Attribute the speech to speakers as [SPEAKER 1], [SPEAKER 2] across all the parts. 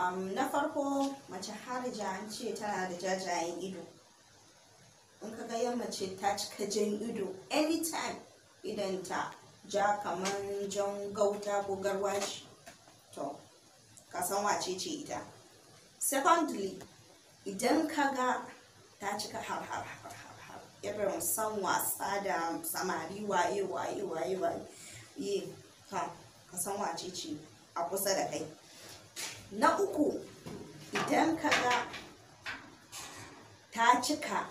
[SPEAKER 1] um, na farko mace harija an ce tana da jajayen ido in ka ga mace ta cika jan ido anytime idan ta ja kamar jan gauta ko garwashi to ka san wace ce ita secondly idan ka ga ta cika har har har har irin san wasa da samari waye waye waye waye ka san wace ce a kusa da kai na uku idan ka ga ta cika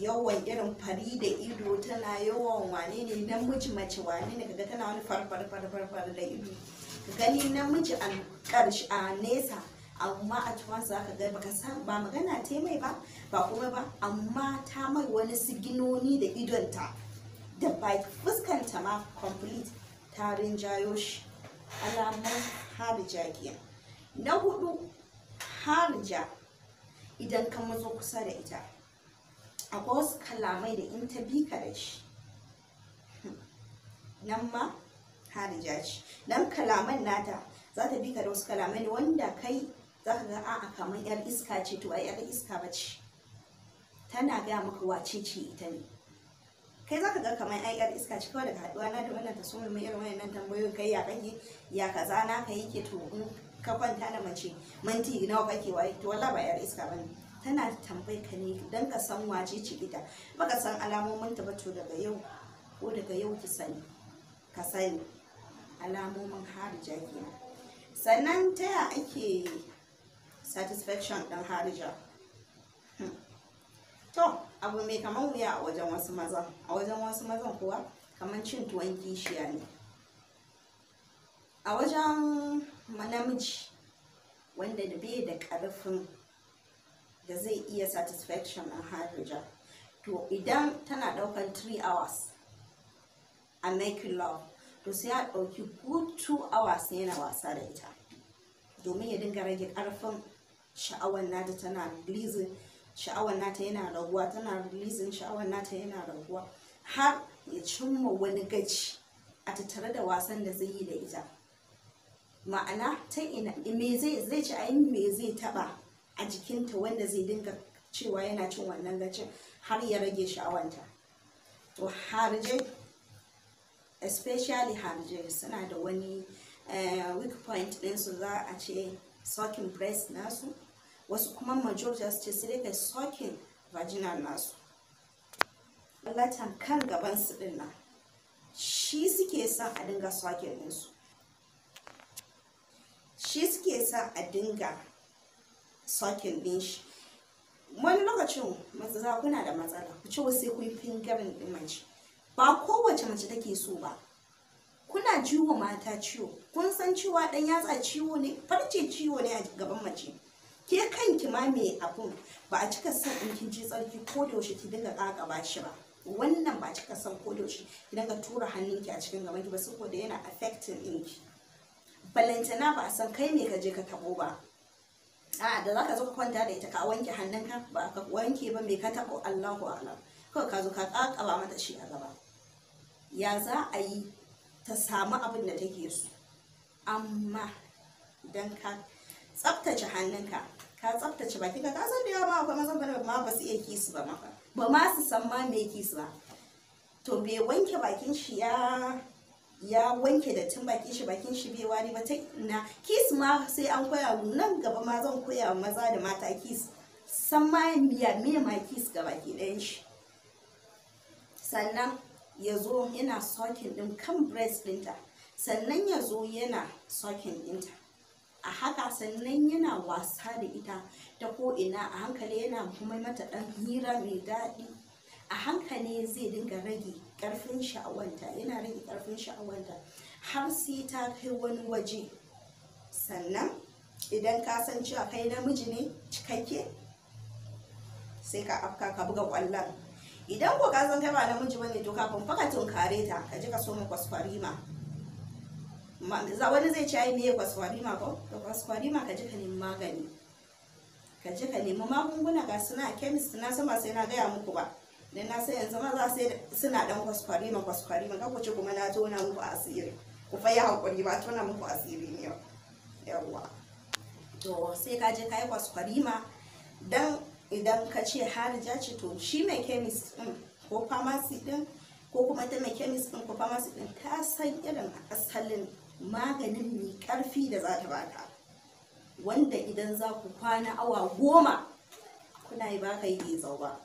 [SPEAKER 1] yawan irin fari da ido tana yawan wane ne namiji mace wane ne kaga tana wani farfar farfar da ido ka gani namiji a karshe a nesa amma a cikin za ka ga ba magana ta mai ba ba kuma ba amma ta mai wani siginoni da idonta da fuskanta ma complete ta rinjayo alamun harija kenan na hudu harija idan ka mazo kusa da ita akwai wasu kalamai da in ta bi ka da shi nan ma harija ce nan kalaman nata za ta bi ka da wasu kalamai wanda kai za ka ga a'a kamar yar iska ce to a yar iska ba ce tana gaya maka wace ce ita ne kai zaka ga kamar ai yar iska ci kawai daga haduwa na da wannan tasumar mai irin wayannan tambayoyin kai ya ya kaza na kai yake to in ka kwanta da mace minti nawa kake waye to wallahi ba yar iska bane tana tambayi ka ne dan ka san waje ci ita baka san alamomin ta ba to daga yau ko daga yau ki sani ka sani alamomin harija kenan sannan ta ya ake satisfaction dan harija hmm. to abu mai kaman wuya a wajen wasu mazan a wajen wasu mazan kuwa kamar cin tuwon kishiya ne a wajen namiji wanda da bai da karfin da zai iya satisfaction a harija to idan tana ɗaukar 3 hours a making love to sai ya ɗauki good 2 hours yana wasa da ita domin ya dinga rage karfin sha'awar nata tana blizzard sha'awar nata yana raguwa tana releasing sha'awar nata yana raguwa har ya cimma wani gaci a tattare da wasan da zai yi da ita ma'ana ta ina me zai zai ci ayin me zai taba a jikinta wanda zai dinga cewa yana cin wannan gacin har ya rage sha'awanta to harje especially harje suna da wani eh, weak point ɗinsu za a ce sucking breast nasu wasu kuma majority su ce su dai kai sokin vaginal nasu latan kan gaban su din nan shi suke son a dinga sokin ɗinsu shi suke sa a dinga sokin ɗin shi wani lokacin matsala kuna da matsala ku ce wasu kun fingarin ɗin mace ba kowace mace take so ba kuna jiwo mata ciwo kun san cewa ɗan yatsa ciwo ne farce ciwo ne a gaban mace ke kanki ma me abun ba a cika son in kin ji tsarki ko da yaushe ki dinga kakaba shi ba wannan ba a cika son ko da yaushe ki dinga tura hannunki a cikin gaban ki ba saboda yana affecting ki. balantana ba a san kai me ka je ka tabo ba a da zaka zo ka kwanta da ita ka wanke hannunka ba ka wanke ba me ka tabo Allahu a'lam kawai ka zo ka kakaba mata shi a gaba ya za a yi ta samu abin da take so amma dan ka tsaftace hannunka ka tsaftace bakinka ka san da yawa ba akwai mazan bane ma ba su iya kisu ba maka ba ma su san ma me kisu ba to bai wanke bakin shi ya ya wanke da tun bakin shi bakin shi bai wani ba ta na kisu ma sai an koya nan gaba ma zan koya maza da mata kisu san ma miya me ma kisu ga baki ɗayan shi sannan ya zo yana sokin ɗin kan breast ɗinta sannan ya zo yana sokin ɗinta a haka sannan yana wasa da ita ta ko'ina a hankali yana kuma mata ɗan hira mai daɗi a hankali zai dinga rage ƙarfin sha'awanta yana rage ƙarfin sha'awanta har sai ta kai wani waje sannan idan ka san cewa kai namiji ne cikakke sai ka afka ka buga ƙwallon idan ko ka san kai ba namiji bane to kafin faka tunkare ta ka ji ka so mu kwaskwarima wani zai ci ai meye ma ko to ma ka je ka nemi magani ka je ka nemi magunguna ga suna a chemist na sama sai na gaya muku ba dan na sai yanzu ma za sai suna dan kwaskwarima ma ka kuce kuma na tona muku asiri ku fa ya hakuri ba tona muku asiri ne yawa to sai ka je ka yi ma dan idan ka ce harija ce to shi mai chemist din ko pharmacy din ko kuma ta mai chemist din ko pharmacy din ta san irin asalin maganin mai karfi da za ta baka wanda idan za ku kwana awa goma kuna yi baka yi zau ba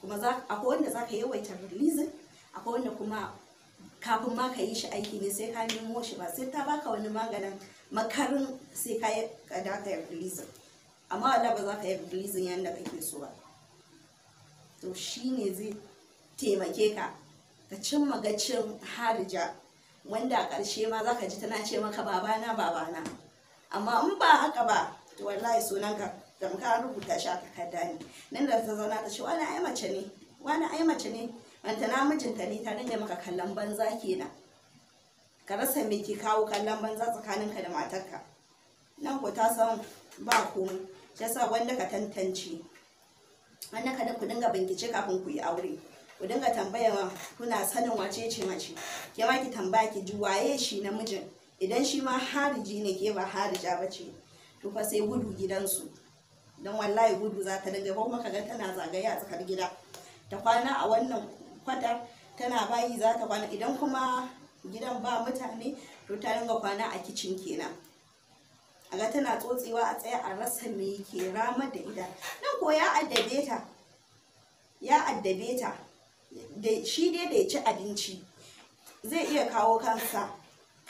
[SPEAKER 1] kuma akwai wanda za ka yawaita rilizin akwai wanda kuma kafin ma ka yi shi aiki ne sai ka nemo shi ba sai ta baka wani maganin makarin sai ka yi kada ka yi releasing amma wala ba za ka yi releasing yadda kake so ba to shi ne zai taimake ka ka cimma gacin harija wanda a ƙarshe ma za ka ji tana ce maka babana babana amma in ba haka ba to wallahi sunan ka dan ka rubuta shi a takarda ne nan da ta zauna ta ce wani ai mace ne wani ai mace ne wanta na mijinta ne ta ringa maka kallon banza kenan ka rasa me ke kawo kallon banza tsakanin ka da matarka nan ko ta san ba komai Ya sa wanda ka tantance wanda ka da ku dinga bincike kafin ku yi aure ku dinga tambaya wa kuna sanin wace ce mace ke ma ki tambaya ki ji waye shi namijin idan shi ma hariji ne ke ba harija ba ce to fa sai gudu gidansu don wallahi gudu za ta dinga ba kuma ga tana zagaye a tsakar gida ta kwana a wannan kwatar tana bayi za ta kwana idan kuma gidan ba mutane to ta dinga kwana a kicin kenan a ga tana tsotsewa a tsaye a rasa me ke ramar da ida nan ko ya addabe ta ya addabe ta shi dai da ya ci abinci zai iya kawo kansa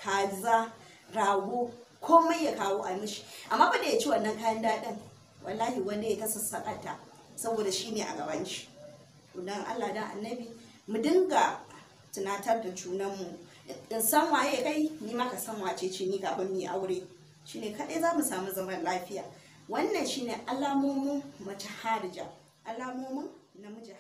[SPEAKER 1] kaza rago komai ya kawo a mishi amma ba da ya ci wannan kayan daɗin wallahi wanda ya ta sassaƙata saboda shi ne a gaban shi allah da annabi mu dinga tunatar da junanmu in san waye kai ni maka san wace ce ni gaban mu aure shine kaɗai za mu samu zaman lafiya wannan shine alamomin mace harija alamomin namiji